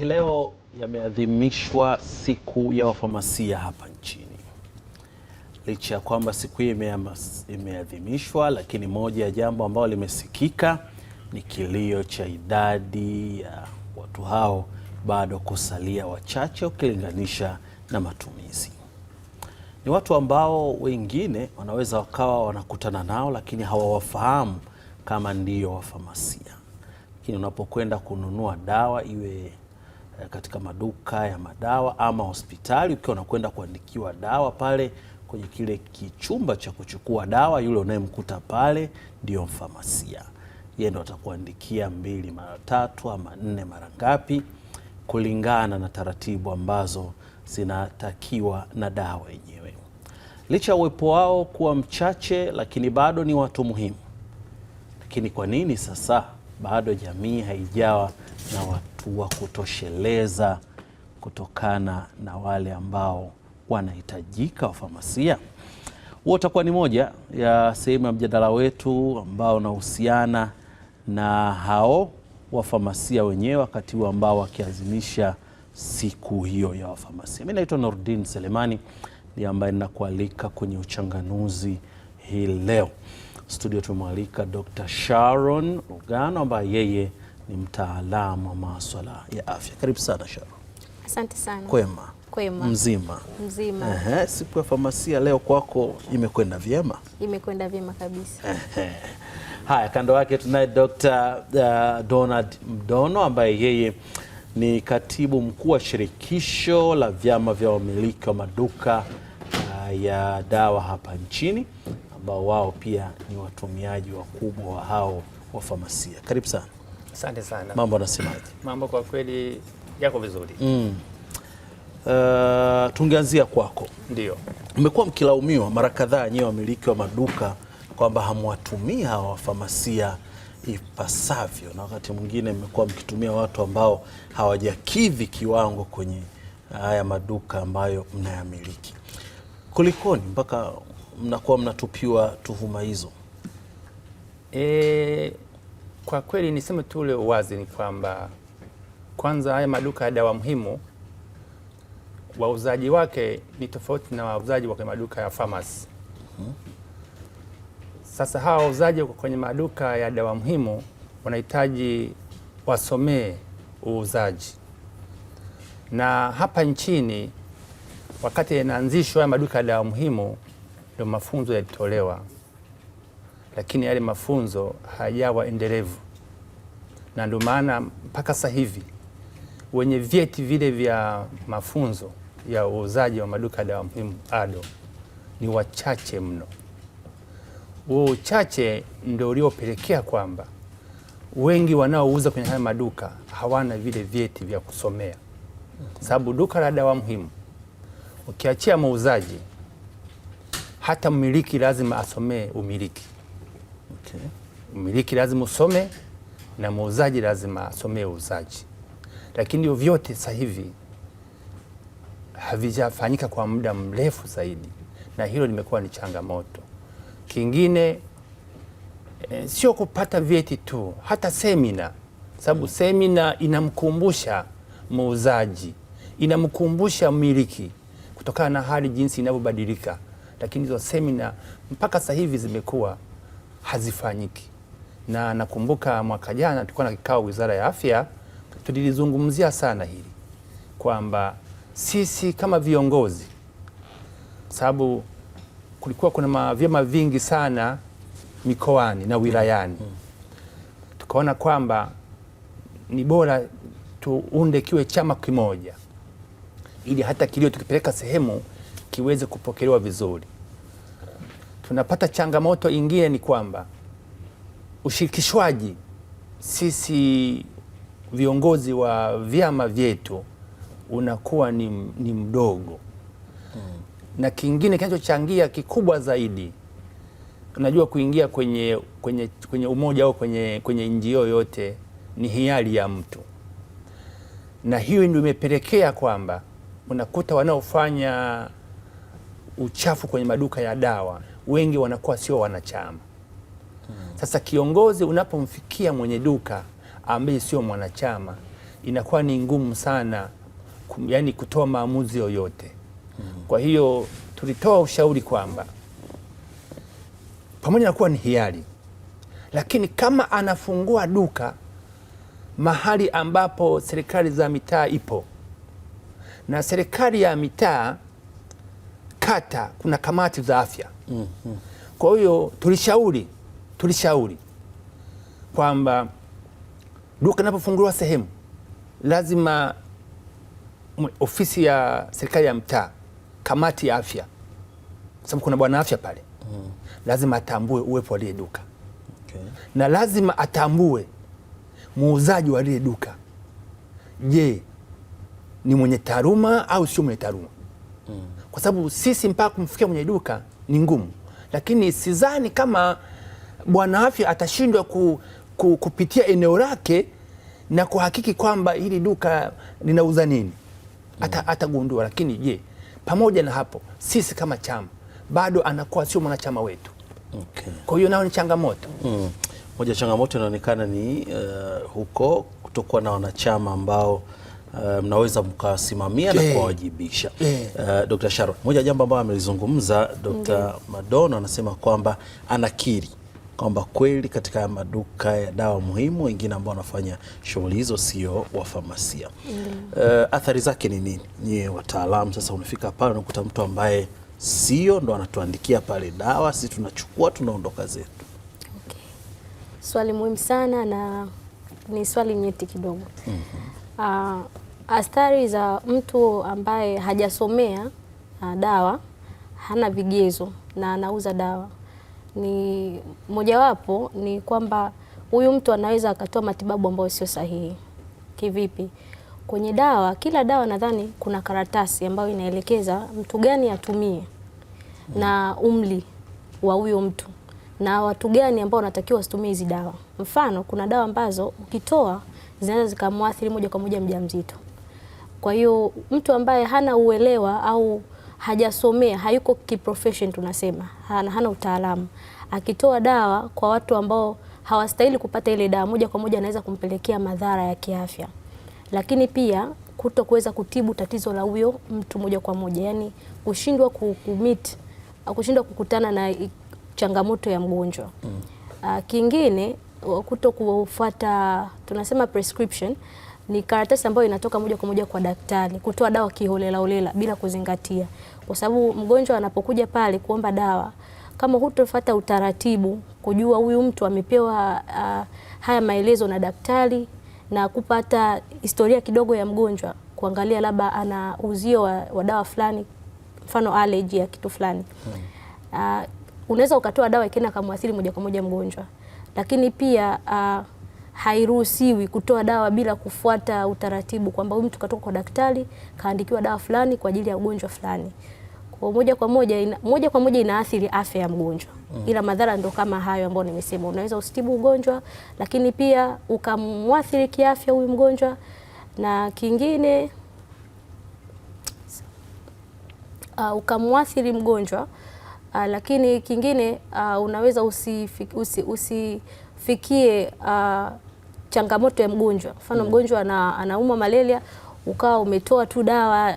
hii leo yameadhimishwa siku ya wafamasia hapa nchini. Licha ya kwamba siku hii imeadhimishwa, lakini moja ya jambo ambalo limesikika ni kilio cha idadi ya watu hao bado kusalia wachache ukilinganisha na matumizi. Ni watu ambao wengine wanaweza wakawa wanakutana nao, lakini hawawafahamu kama ndiyo wafamasia, lakini unapokwenda kununua dawa iwe Eh, katika maduka ya madawa ama hospitali, ukiwa unakwenda kuandikiwa dawa pale kwenye kile kichumba cha kuchukua dawa, yule unayemkuta pale ndiyo mfamasia. Yeye ndo atakuandikia mbili mara tatu ama nne mara ngapi, kulingana na taratibu ambazo zinatakiwa na dawa yenyewe. Licha ya uwepo wao kuwa mchache, lakini bado ni watu muhimu. Lakini kwa nini sasa bado jamii haijawa na watu wa kutosheleza kutokana na wale ambao wanahitajika wafamasia. Huo utakuwa ni moja ya sehemu ya mjadala wetu ambao unahusiana na hao wafamasia wenyewe, wakati huo ambao wakiazimisha siku hiyo ya wafamasia. mi naitwa nordin Selemani ndiye ambaye ninakualika kwenye uchanganuzi hii leo. Studio tumemwalika Dr. Sharon Lugano ambaye yeye ni mtaalamu wa maswala ya afya. Karibu sana Sharo. Asante sana. Kwema? Kwema. Mzima? Mzima. Ehe, siku ya famasia leo kwako imekwenda vyema? Imekwenda vyema kabisa. Ehe. Haya, kando yake tunaye Dr. uh, Donald Mdono ambaye yeye ni katibu mkuu wa shirikisho la vyama vya wamiliki wa maduka uh, ya dawa hapa nchini ambao wao pia ni watumiaji wakubwa wa hao wa famasia. Karibu sana. Asante sana. Mambo anasemaje? Mambo kwa kweli yako vizuri. Mm. Uh, tungeanzia kwako. Ndio. Mmekuwa mkilaumiwa mara kadhaa nyewe wamiliki wa maduka kwamba hamwatumii hawa wafamasia ipasavyo, na wakati mwingine mmekuwa mkitumia watu ambao hawajakidhi kiwango kwenye haya maduka ambayo mnayamiliki. Kulikoni mpaka mnakuwa mnatupiwa tuhuma hizo? E... Kwa kweli niseme tu ule uwazi ni kwamba kwanza haya maduka ya dawa muhimu wauzaji wake ni tofauti na wauzaji wa kwenye maduka ya famasi. Sasa hawa wauzaji kwenye maduka ya dawa muhimu wanahitaji wasomee uuzaji, na hapa nchini wakati yanaanzishwa haya maduka ya dawa muhimu ndio mafunzo yalitolewa lakini yale mafunzo hayawa endelevu, na ndio maana mpaka sasa hivi wenye vyeti vile vya mafunzo ya uuzaji wa maduka ya dawa muhimu ADO ni wachache mno. Huo uchache ndio uliopelekea kwamba wengi wanaouza kwenye haya maduka hawana vile vyeti vya kusomea, sababu duka la dawa muhimu ukiachia muuzaji, hata mmiliki lazima asomee umiliki. Okay. Mmiliki lazima usome na muuzaji lazima asomee uuzaji, lakini hiyo vyote sasa hivi havijafanyika kwa muda mrefu zaidi, na hilo limekuwa ni changamoto. Kingine e, sio kupata vyeti tu, hata semina, sababu hmm, semina inamkumbusha muuzaji, inamkumbusha mmiliki kutokana na hali jinsi inavyobadilika, lakini hizo semina mpaka sasa hivi zimekuwa hazifanyiki. Na nakumbuka mwaka jana tulikuwa na kikao Wizara ya Afya, tulilizungumzia sana hili kwamba sisi kama viongozi, sababu kulikuwa kuna vyama vingi sana mikoani na wilayani, mm. tukaona kwamba ni bora tuunde kiwe chama kimoja, ili hata kilio tukipeleka sehemu kiweze kupokelewa vizuri tunapata changamoto ingine ni kwamba ushirikishwaji, sisi viongozi wa vyama vyetu unakuwa ni, ni mdogo Na kingine kinachochangia kikubwa zaidi, unajua kuingia kwenye, kwenye, kwenye umoja au kwenye, kwenye NGO yote ni hiari ya mtu, na hiyo ndio imepelekea kwamba unakuta wanaofanya uchafu kwenye maduka ya dawa wengi wanakuwa sio wanachama. Sasa kiongozi unapomfikia mwenye duka ambaye sio mwanachama, inakuwa ni ngumu sana kum, yani kutoa maamuzi yoyote. Kwa hiyo tulitoa ushauri kwamba pamoja na kuwa ni hiari, lakini kama anafungua duka mahali ambapo serikali za mitaa ipo na serikali ya mitaa kata kuna kamati za afya mm -hmm. Kwa hiyo tulishauri tulishauri kwamba duka linapofunguliwa sehemu lazima ofisi ya serikali ya mtaa, kamati ya afya, sababu kuna bwana afya pale mm. lazima atambue uwepo wa lile duka okay. na lazima atambue muuzaji wa lile duka, je, ni mwenye taaluma au sio mwenye taaluma mm kwa sababu sisi mpaka kumfikia mwenye duka ni ngumu, lakini sidhani kama bwana afya atashindwa ku, ku, kupitia eneo lake na kuhakiki kwamba hili duka linauza nini, mm. atagundua. Lakini je, pamoja na hapo, sisi kama chama bado anakuwa sio mwanachama wetu. Okay. Kwa hiyo nao ni changamoto mm. Moja changamoto inaonekana ni uh, huko kutokuwa na wanachama ambao Uh, mnaweza mkasimamia na eh, kuwawajibisha. Uh, eh. Dr. Sharon, moja jambo ambayo amelizungumza Dr. Madono anasema kwamba anakiri kwamba kweli katika maduka ya dawa muhimu wengine ambao wanafanya shughuli hizo sio wafamasia. Uh, athari zake ni nini? Nyie wataalamu sasa, unafika pale unakuta mtu ambaye sio ndo anatuandikia pale dawa, sisi tunachukua tunaondoka zetu. Okay. Swali muhimu sana na ni swali nyeti kidogo. mm -hmm. Uh, athari za mtu ambaye hajasomea uh, dawa hana vigezo na anauza dawa ni mojawapo, ni kwamba huyu mtu anaweza akatoa matibabu ambayo sio sahihi. Kivipi? Kwenye dawa, kila dawa nadhani kuna karatasi ambayo inaelekeza mtu gani atumie na umri wa huyo mtu na watu gani ambao wanatakiwa wasitumie hizi dawa. Mfano, kuna dawa ambazo ukitoa zinaweza zikamwathiri moja kwa moja mjamzito. Kwa hiyo mtu ambaye hana uelewa au hajasomea, hayuko kiprofession, tunasema hana, hana utaalamu, akitoa dawa kwa watu ambao hawastahili kupata ile dawa, moja kwa moja anaweza kumpelekea madhara ya kiafya, lakini pia kuto kuweza kutibu tatizo la huyo mtu moja kwa moja, yani kushindwa kukumit, kushindwa kukutana na changamoto ya mgonjwa mm. Ah, kingine kuto kufuata tunasema prescription ni karatasi ambayo inatoka moja kwa moja kwa daktari, kutoa dawa kiholela holela bila kuzingatia, kwa sababu mgonjwa anapokuja pale kuomba dawa, kama hutofuata utaratibu, kujua huyu mtu amepewa uh, haya maelezo na daktari na kupata historia kidogo ya mgonjwa, kuangalia labda ana uzio wa, wa dawa fulani, mfano allergy ya kitu fulani hmm. uh, unaweza ukatoa dawa ikaenda kamwathiri moja kwa moja mgonjwa lakini pia uh, hairuhusiwi kutoa dawa bila kufuata utaratibu kwamba huyu mtu katoka kwa daktari kaandikiwa dawa fulani kwa ajili ya ugonjwa fulani. Kwa moja kwa moja ina, moja kwa moja inaathiri afya ya mgonjwa mm. Ila madhara ndo kama hayo ambayo nimesema, unaweza usitibu ugonjwa lakini pia ukamwathiri kiafya huyu mgonjwa, na kingine uh, ukamwathiri mgonjwa Uh, lakini kingine uh, unaweza usifikie usi, usi uh, changamoto ya mgonjwa. Mfano mm. mgonjwa ana, anaumwa malaria ukawa umetoa tu dawa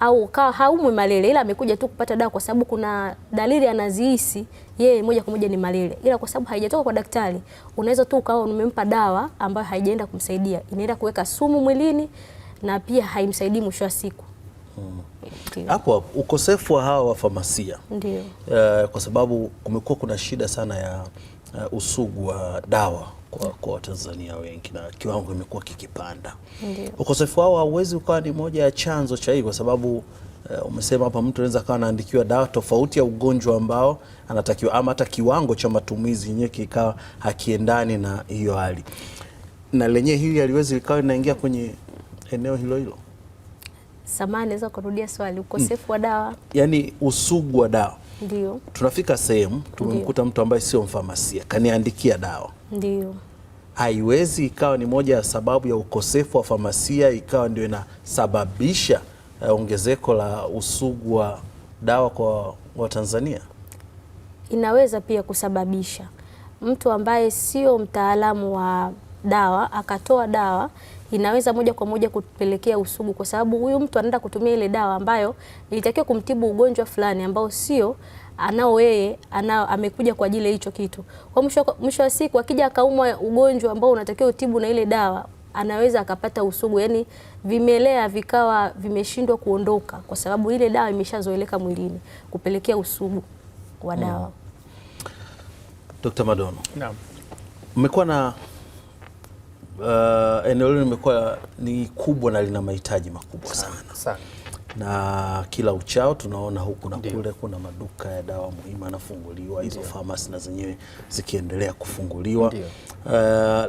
au ukawa haumwi malaria ila amekuja tu kupata dawa kwa sababu kuna dalili anazihisi yeye moja kwa moja ni malaria, ila kwa sababu haijatoka kwa daktari, unaweza tu ukawa umempa dawa ambayo haijaenda kumsaidia, inaenda kuweka sumu mwilini na pia haimsaidii mwisho wa siku hapo hapo ukosefu wa hawa wafamasia ndio. Uh, kwa sababu kumekuwa kuna shida sana ya uh, usugu wa dawa kwa, kwa Watanzania wengi na kiwango imekuwa kikipanda. Ndiyo. Ukosefu wao hauwezi ukawa ni moja ya chanzo cha hii kwa sababu Uh, umesema hapa mtu anaweza akawa anaandikiwa dawa tofauti ya ugonjwa ambao anatakiwa ama hata kiwango cha matumizi yenyewe kikawa hakiendani na hiyo hali, na lenyewe hili haliwezi likawa linaingia kwenye eneo hilo hilo samaa naweza kurudia swali, ukosefu mm. wa dawa, yani usugu wa dawa. Ndio tunafika sehemu tumemkuta mtu ambaye sio mfamasia kaniandikia dawa, ndio haiwezi ikawa ni moja ya sababu ya ukosefu wa famasia ikawa ndio inasababisha eh, ongezeko la usugu wa dawa kwa Watanzania. Inaweza pia kusababisha mtu ambaye sio mtaalamu wa dawa akatoa dawa inaweza moja kwa moja kupelekea usugu, kwa sababu huyu mtu anaenda kutumia ile dawa ambayo ilitakiwa kumtibu ugonjwa fulani ambao sio anao yeye anao, amekuja kwa ajili ya hicho kitu. Kwa mwisho wa siku akija akaumwa ugonjwa ambao unatakiwa utibu na ile dawa anaweza akapata usugu, yani vimelea vikawa vimeshindwa kuondoka kwa sababu ile dawa imeshazoeleka mwilini kupelekea usugu wa mm. dawa. Dr. Madono, naam, mmekuwa na uh, eneo hilo limekuwa ni kubwa na lina mahitaji makubwa sana, sana. sana na kila uchao tunaona huku na kule kuna maduka ya dawa muhimu yanafunguliwa, hizo famasi na zenyewe zikiendelea kufunguliwa. Uh,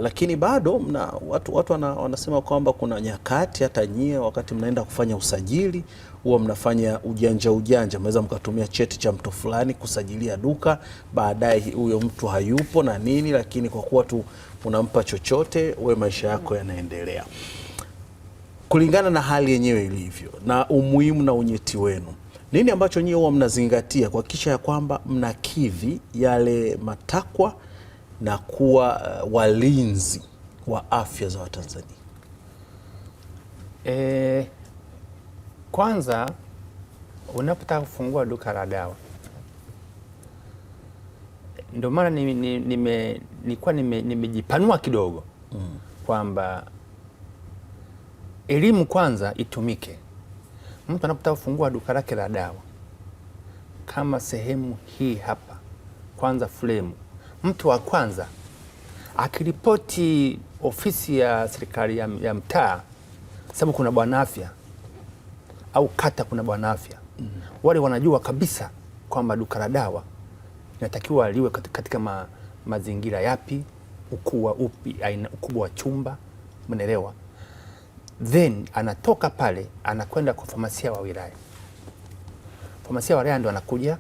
lakini bado mna, watu, watu wana, wanasema kwamba kuna nyakati hata nyie wakati mnaenda kufanya usajili huwa mnafanya ujanja ujanja, mnaweza mkatumia cheti cha mtu fulani kusajilia duka, baadaye huyo mtu hayupo na nini, lakini kwa kuwa tu unampa chochote, we maisha yako yanaendelea kulingana na hali yenyewe ilivyo na umuhimu na unyeti wenu. Nini ambacho nyie huwa mnazingatia kuhakikisha ya kwamba mnakidhi yale matakwa na kuwa uh, walinzi wa afya za Watanzania? E, kwanza unapotaka kufungua duka la dawa ndio maana nilikuwa ni, ni, ni nimejipanua ni kidogo mm. kwamba elimu kwanza itumike. Mtu anapotaka kufungua duka lake la dawa kama sehemu hii hapa, kwanza fremu, mtu wa kwanza akiripoti ofisi ya serikali ya, ya mtaa, sababu kuna bwana afya au kata, kuna bwana afya mm. wale wanajua kabisa kwamba duka la dawa inatakiwa aliwe katika ma, mazingira yapi, ukuwa upi, aina ukubwa wa chumba, mnaelewa? Then anatoka pale anakwenda kwa famasia wa wilaya. Famasia wa wilaya ndo anakuja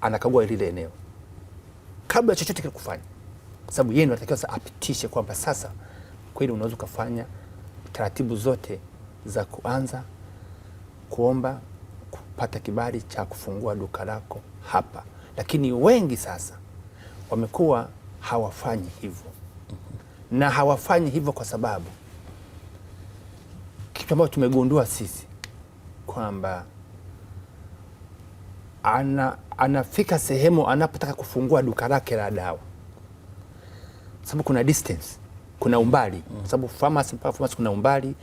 anakagua lile eneo kabla chochote kile kufanya, kwa sababu yeye ndo anatakiwa sasa apitishe kwamba sasa kweli unaweza ukafanya taratibu zote za kuanza kuomba kupata kibali cha kufungua duka lako hapa. Lakini wengi sasa wamekuwa hawafanyi hivyo, na hawafanyi hivyo kwa sababu kitu ambacho tumegundua sisi kwamba ana, anafika sehemu anapotaka kufungua duka lake la dawa, sababu kuna distance, kuna umbali, mm. sababu famasi mpaka kuna umbali,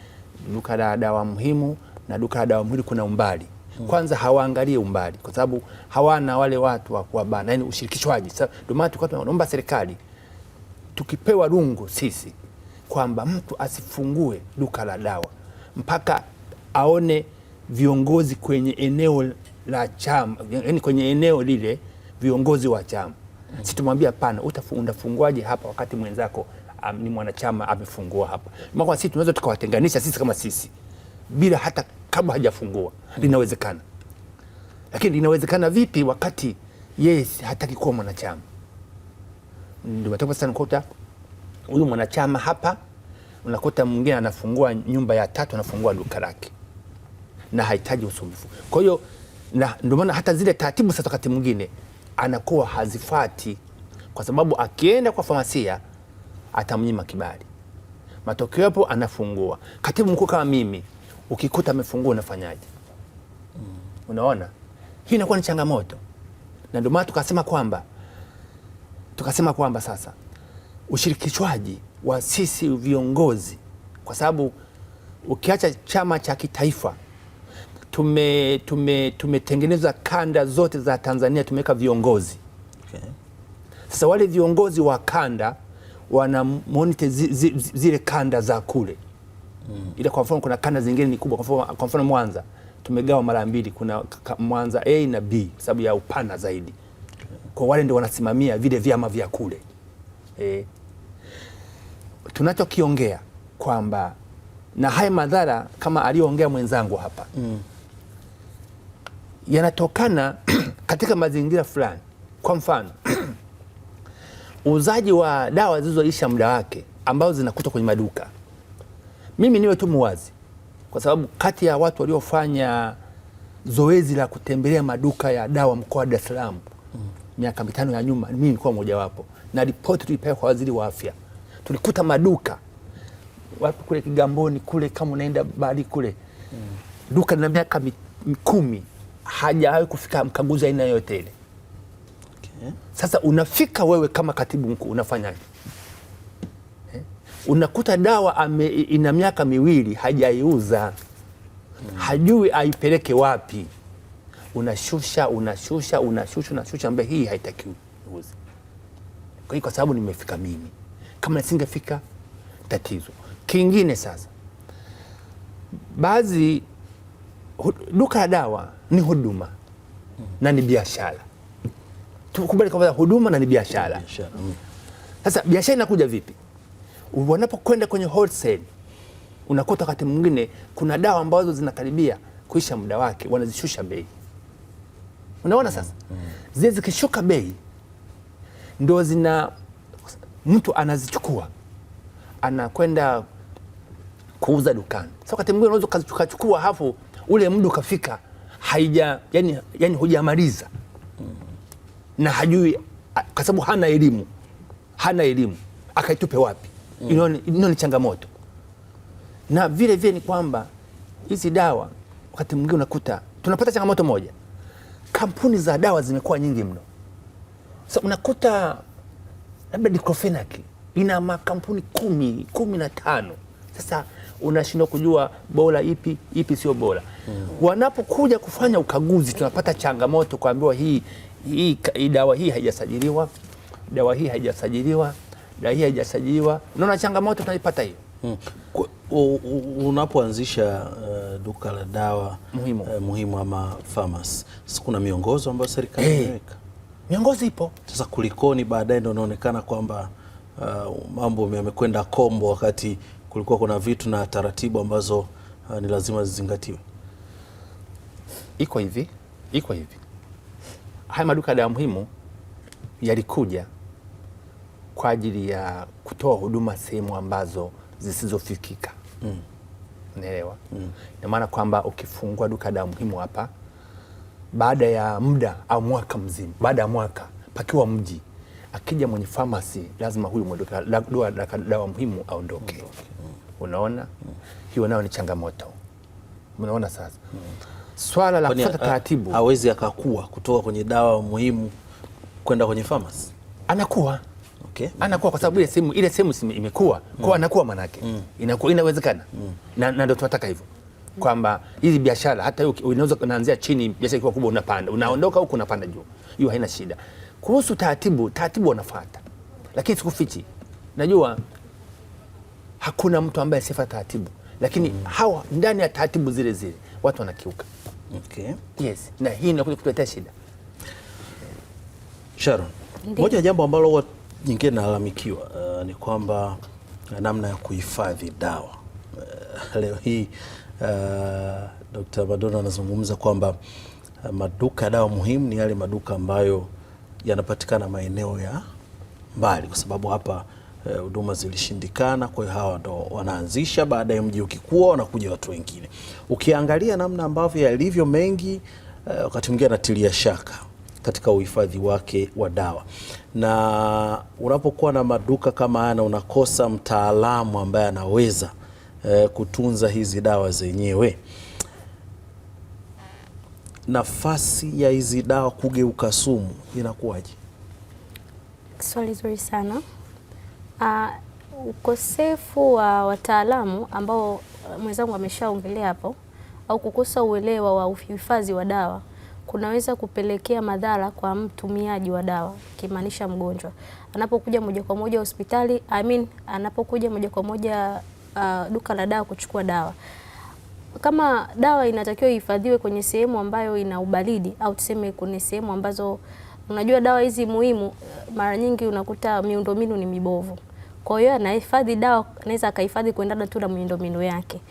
duka la dawa muhimu na duka la dawa muhimu kuna umbali Mm. kwanza hawaangalie umbali, kwa sababu hawana wale watu wa kuwabana, yani ushirikishwaji. Ndio maana tulikuwa tunaomba serikali tukipewa rungu sisi kwamba mtu asifungue duka la dawa mpaka aone viongozi kwenye eneo la chama, yani kwenye eneo lile viongozi wa chama. Mm. Si tumwambia pana, utafunguaje hapa wakati mwenzako um, ni mwanachama amefungua hapa? Sisi tunaweza tukawatenganisha sisi kama sisi bila hata kama hajafungua Linawezekana, lakini linawezekana vipi wakati yeye hataki kuwa mwanachama? Ndio sana huyu mwanachama hapa, unakuta mwingine anafungua nyumba ya tatu, anafungua duka lake na hahitaji usumbufu. Kwa hiyo ndio maana hata zile taratibu sasa wakati mwingine anakuwa hazifati, kwa sababu akienda kwa famasia atamnyima kibali. Matokeo hapo anafungua. Katibu mkuu kama mimi ukikuta amefungua unafanyaje? mm. Unaona, hii inakuwa ni changamoto, na ndio maana tukasema kwamba tukasema kwamba sasa ushirikishwaji wa sisi viongozi, kwa sababu ukiacha chama cha kitaifa tume tumetengeneza kanda zote za Tanzania tumeweka viongozi okay. Sasa wale viongozi wa kanda wana monitor zile kanda za kule mm. Ila kwa mfano kuna kanda zingine ni kubwa, kwa mfano Mwanza tumegawa mara mbili, kuna Mwanza A na B sababu ya upana zaidi, kwa wale ndio wanasimamia vile vyama vya kule e, tunachokiongea kwamba na haya madhara kama aliyoongea mwenzangu hapa mm. yanatokana katika mazingira fulani. Kwa mfano uuzaji wa dawa zilizoisha muda wake ambazo zinakuta kwenye maduka mimi niwe tu muwazi, kwa sababu kati ya watu waliofanya zoezi la kutembelea maduka ya dawa mkoa wa Dar es Salaam mm. miaka mitano ya nyuma, mimi nilikuwa mmojawapo, na ripoti tulipewa kwa waziri wa afya. Tulikuta maduka wapi, kule Kigamboni kule, kama unaenda bali kule mm. duka lina miaka kumi hajawahi kufika mkaguzi aina yoyote ile. Okay. Sasa unafika wewe kama katibu mkuu unafanya unakuta dawa ame, ina miaka miwili hajaiuza, hajui aipeleke wapi, unashusha unashusha unashusha unashusha, ambaye hii haitakiwi uuze. Kwa hiyo kwa sababu nimefika mimi, kama nisingefika tatizo kingine. Sasa baadhi duka la dawa ni huduma na ni biashara. Tukubali kwamba huduma na ni biashara. Mm. Sasa biashara inakuja vipi? wanapokwenda kwenye wholesale, unakuta wakati mwingine kuna dawa ambazo zinakaribia kuisha muda wake, wanazishusha bei. Unaona sasa, mm -hmm. zile zikishuka bei ndo zina mtu anazichukua anakwenda kuuza dukani. Sasa wakati mwingine unaweza ukazichukua hapo, ule muda ukafika haija yani, yani hujamaliza mm-hmm. na hajui kwa sababu hana elimu, hana elimu akaitupe wapi? mm. ni changamoto, na vile vile ni kwamba hizi dawa wakati mwingine unakuta tunapata changamoto moja, kampuni za dawa zimekuwa nyingi mno. So, unakuta labda diclofenac ina makampuni kumi kumi na tano sasa unashindwa kujua bora ipi ipi sio bora mm. Wanapokuja kufanya ukaguzi tunapata changamoto kuambiwa hii, hii, hii dawa hii haijasajiliwa, dawa hii haijasajiliwa raia haijasajiliwa. Unaona changamoto tunaipata hiyo. Hmm. Unapoanzisha uh, duka la dawa muhimu, uh, muhimu ama pharmacy, kuna miongozo ambayo serikali hey, eh. imeweka miongozo ipo. Sasa kulikoni baadaye ndio unaonekana kwamba uh, mambo yamekwenda kombo, wakati kulikuwa kuna vitu na taratibu ambazo uh, ni lazima zizingatiwe. Iko hivi, iko hivi, haya maduka ya dawa muhimu yalikuja kwa ajili ya kutoa huduma sehemu ambazo zisizofikika mm. Unaelewa? Mm. Ina maana kwamba ukifungua duka la muhimu hapa, baada ya muda au mwaka mzima, baada ya mwaka pakiwa mji, akija mwenye famasi, lazima huyu mwenye duka dawa muhimu aondoke. Mm. Unaona? Mm. Hiyo nayo ni changamoto. Unaona sasa? Mm. Swala la kufuata taratibu, hawezi akakua kutoka kwenye dawa muhimu kwenda kwenye famasi, anakuwa okay. anakuwa kwa sababu ile simu ile simu imekuwa kwa anakuwa manake mm. inakuwa inawezekana mm. na, na ndio tunataka hivyo kwamba hizi biashara hata hiyo unaweza kuanzia chini, biashara ikiwa kubwa unapanda, unaondoka huko unapanda juu, hiyo haina shida. Kuhusu taratibu, taratibu wanafuata, lakini sikufichi, najua hakuna mtu ambaye sifa taratibu, lakini mm. hawa ndani ya taratibu zile zile watu wanakiuka. Okay. Yes, na hii inakuja kutuletea shida. Sharon, moja ya jambo ambalo Jingine nalalamikiwa uh, ni kwamba eh, namna ya kuhifadhi dawa uh, leo hii uh, Dr. Madona anazungumza kwamba uh, maduka ya dawa muhimu ni yale maduka ambayo yanapatikana maeneo ya mbali, kwa sababu hapa huduma uh, zilishindikana. Kwa hiyo hawa ndo wanaanzisha, baada ya mji ukikua wanakuja watu wengine. Ukiangalia namna ambavyo yalivyo mengi, uh, wakati mwingine anatilia shaka katika uhifadhi wake wa dawa. Na unapokuwa na maduka kama haya na unakosa mtaalamu ambaye anaweza e, kutunza hizi dawa zenyewe, nafasi ya hizi dawa kugeuka sumu inakuwaje? Swali zuri sana. Uh, ukosefu wa wataalamu ambao eh, mwenzangu ameshaongelea hapo au kukosa uelewa wa uhifadhi wa dawa kunaweza kupelekea madhara kwa mtumiaji wa dawa, kimaanisha mgonjwa anapokuja moja kwa moja hospitali, I mean, anapokuja moja kwa moja uh, duka la dawa kuchukua dawa. Kama dawa inatakiwa ihifadhiwe kwenye sehemu ambayo ina ubaridi au tuseme kwenye sehemu ambazo unajua dawa hizi muhimu, uh, mara nyingi unakuta miundombinu ni mibovu. Kwa hiyo anahifadhi dawa, anaweza akahifadhi kuendana tu na miundombinu yake.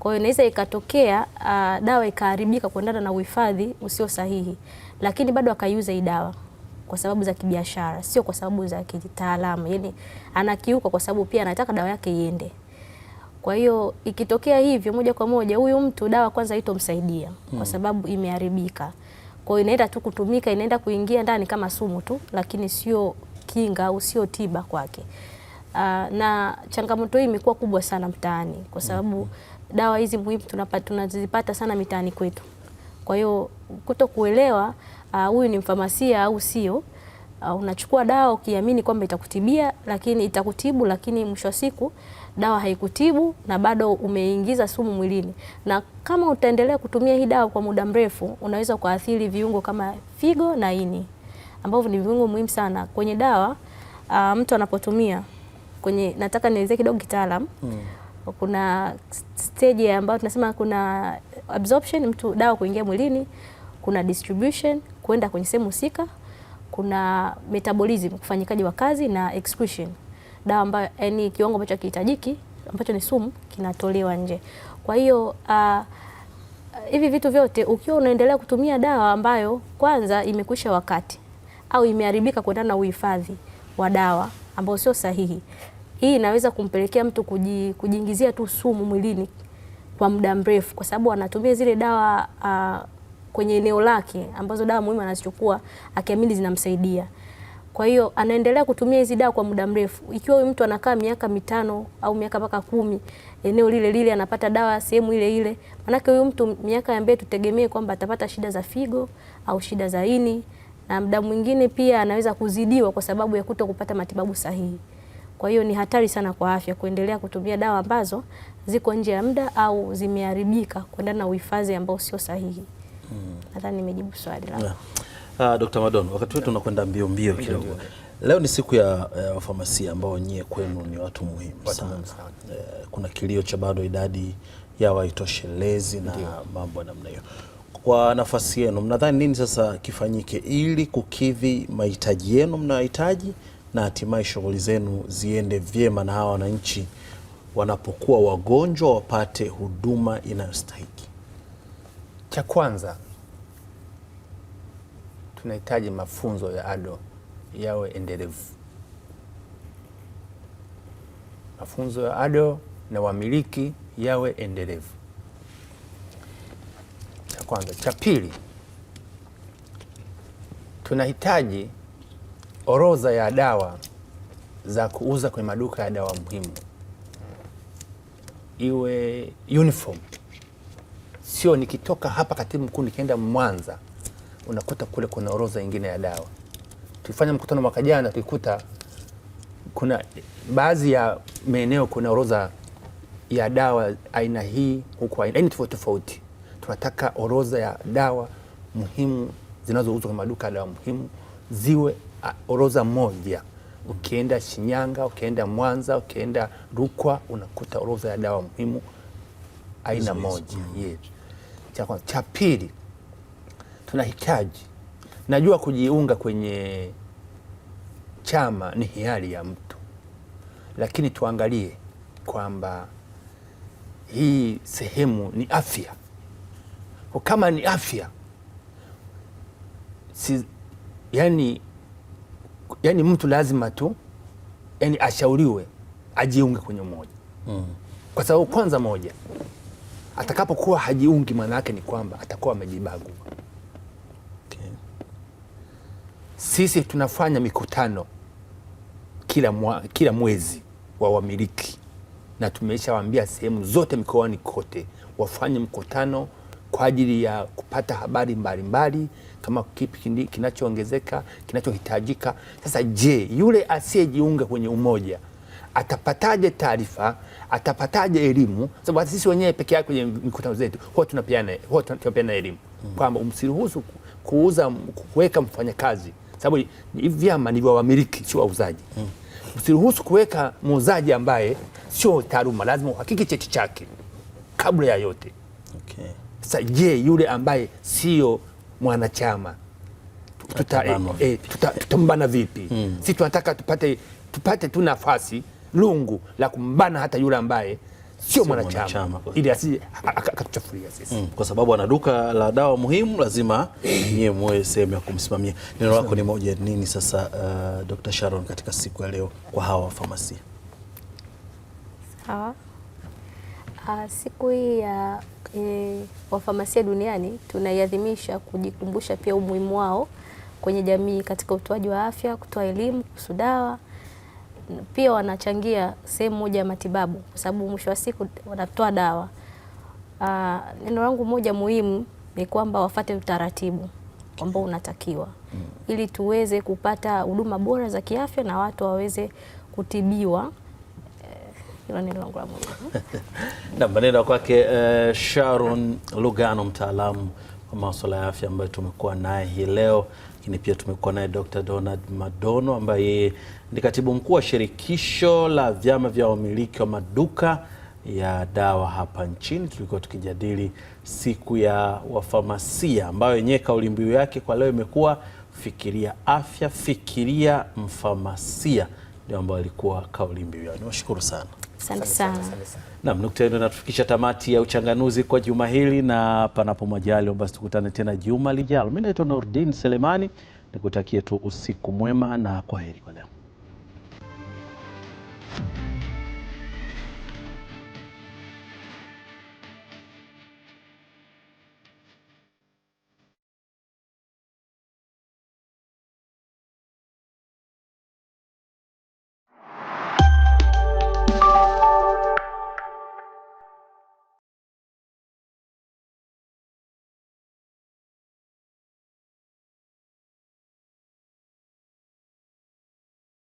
Kwa hiyo inaweza ikatokea uh, dawa ikaharibika kuendana na uhifadhi usio sahihi, lakini bado akaiuza hii dawa kwa sababu za kibiashara, sio kwa sababu za kitaalamu. Yani anakiuka kwa sababu pia anataka dawa yake iende. Kwa hiyo ikitokea hivyo, moja kwa moja huyu mtu dawa kwanza haitomsaidia kwa hmm. sababu imeharibika. Kwa hiyo inaenda tu kutumika, inaenda kuingia ndani kama sumu tu, lakini sio kinga au sio tiba kwake. Uh, na changamoto hii imekuwa kubwa sana mtaani kwa hmm. sababu mm dawa hizi muhimu tunazipata sana mitaani kwetu. Kwa hiyo kuto kuelewa ah, huyu uh, ni mfamasia au sio, uh, unachukua dawa ukiamini kwamba itakutibia, lakini itakutibu, lakini mwisho wa siku dawa haikutibu na bado umeingiza sumu mwilini, na kama utaendelea kutumia hii dawa kwa muda mrefu, unaweza kuathiri viungo kama figo na ini ambavyo ni viungo muhimu sana kwenye dawa. Uh, mtu anapotumia kwenye, nataka nielezee kidogo kitaalamu hmm kuna stage ambayo tunasema kuna absorption, mtu dawa kuingia mwilini, kuna distribution kwenda kwenye sehemu husika, kuna metabolism kufanyikaji wa kazi na excretion, dawa ambayo yani kiwango ambacho kihitajiki ambacho ni sumu kinatolewa nje. Kwa hiyo uh, hivi vitu vyote ukiwa unaendelea kutumia dawa ambayo kwanza imekwisha wakati au imeharibika kuendana na uhifadhi wa dawa ambao sio sahihi hii inaweza kumpelekea mtu kuji, kujiingizia tu sumu mwilini kwa muda mrefu, kwa sababu anatumia zile dawa uh, kwenye eneo lake ambazo dawa muhimu anazichukua akiamini zinamsaidia. Kwa hiyo anaendelea kutumia hizi dawa kwa muda mrefu. Ikiwa huyu mtu anakaa miaka mitano au miaka mpaka kumi eneo lile lile, anapata dawa sehemu ile ile, manake huyu mtu miaka ya mbele tutegemee kwamba atapata shida za figo au shida za ini, na muda mwingine pia anaweza kuzidiwa kwa sababu ya kuto kupata matibabu sahihi. Kwa hiyo ni hatari sana kwa afya kuendelea kutumia dawa ambazo ziko nje ya muda au zimeharibika kuendana na uhifadhi ambao sio sahihi. Hmm. Nadhani nimejibu swali lako. Yeah. Ah, Dr. Madon, wakati wetu unakwenda mbio mbio kidogo. Leo ni siku ya wafamasia ambao nyie kwenu ni watu muhimu sana. Eh, kuna kilio cha bado idadi ya waitoshelezi na mambo namna hiyo. Kwa nafasi yenu mnadhani nini sasa kifanyike ili kukidhi mahitaji yenu mnayohitaji na hatimaye shughuli zenu ziende vyema na hawa wananchi wanapokuwa wagonjwa wapate huduma inayostahiki? Cha kwanza tunahitaji mafunzo ya ADO yawe endelevu. Mafunzo ya ADO na wamiliki yawe endelevu, cha kwanza. Cha pili tunahitaji orodha ya dawa za kuuza kwenye maduka ya dawa muhimu iwe uniform, sio nikitoka hapa katibu mkuu nikienda Mwanza unakuta kule kuna orodha nyingine ya dawa. Tulifanya mkutano mwaka jana, tulikuta kuna baadhi ya maeneo kuna orodha ya dawa aina hii huko, aina tofauti tofauti. Tunataka orodha ya dawa muhimu zinazouzwa kwenye maduka ya dawa muhimu ziwe Ah, orodha moja. Ukienda Shinyanga, ukienda Mwanza, ukienda Rukwa unakuta orodha ya dawa muhimu aina moja. Mm. Yes. Cha kwanza. Cha pili, tunahitaji najua kujiunga kwenye chama ni hiari ya mtu, lakini tuangalie kwamba hii sehemu ni afya. Kama ni afya si, yani yani mtu lazima tu yani ashauriwe ajiunge kwenye umoja mm. Kwa sababu kwanza moja, atakapokuwa hajiungi maana yake ni kwamba atakuwa amejibagua. Okay. Sisi tunafanya mikutano kila, mwa, kila mwezi wa wamiliki na tumeshawaambia sehemu zote mikoani kote wafanye mkutano kwa ajili ya kupata habari mbalimbali mbali, kama kipi kinachoongezeka kinachohitajika. Sasa je, yule asiyejiunga kwenye umoja atapataje taarifa? Atapataje elimu? Sababu hata sisi wenyewe peke yake kwenye mikutano zetu huwa tunapeana huwa tunapeana elimu hmm, kwamba msiruhusu kuuza kuweka mfanyakazi, sababu hivi vyama ni vya wamiliki, sio wauzaji hmm. msiruhusu kuweka muuzaji ambaye sio taaluma, lazima uhakiki cheti chake kabla ya yote. Okay. Sasa je, yule ambaye sio mwanachama tutambana e, tuta, tuta eh, eh, vipi mm. si tunataka tupate, tupate tu nafasi lungu la kumbana hata yule ambaye sio mwanachama ili asije akatuchafuria sisi mm. kwa sababu ana duka la dawa muhimu, lazima nyewe muwe sehemu ya kumsimamia. Neno lako ni moja nini sasa, uh, Dr. Sharon katika siku ya leo kwa hawa wafamasia? Sawa. Ah, siku hii ya e, wafamasia duniani tunaiadhimisha kujikumbusha pia umuhimu wao kwenye jamii katika utoaji wa afya, kutoa elimu kuhusu dawa. Pia wanachangia sehemu moja ya matibabu, kwa sababu mwisho wa siku wanatoa dawa. Uh, neno langu moja muhimu ni kwamba wafate utaratibu ambao unatakiwa mm. ili tuweze kupata huduma bora za kiafya na watu waweze kutibiwa hilo ni la Na maneno kwake uh, Sharon Lugano mtaalamu wa masuala ya afya ambaye tumekuwa naye hii leo, lakini pia tumekuwa naye Dr. Donald Madono ambaye ni katibu mkuu wa shirikisho la vyama vya wamiliki wa maduka ya dawa hapa nchini. Tulikuwa tukijadili siku ya wafamasia ambayo yenyewe kauli mbiu yake kwa leo imekuwa fikiria afya, fikiria mfamasia, ndio ambayo alikuwa kauli mbiu yao. Niwashukuru sana. Asante sana. Naam, nukta hiyo natufikisha tamati ya uchanganuzi kwa juma hili, na panapo majaliwa basi tukutane tena juma lijalo. Mimi naitwa Nurdin Selemani, nikutakie tu usiku mwema na kwaheri kwa leo.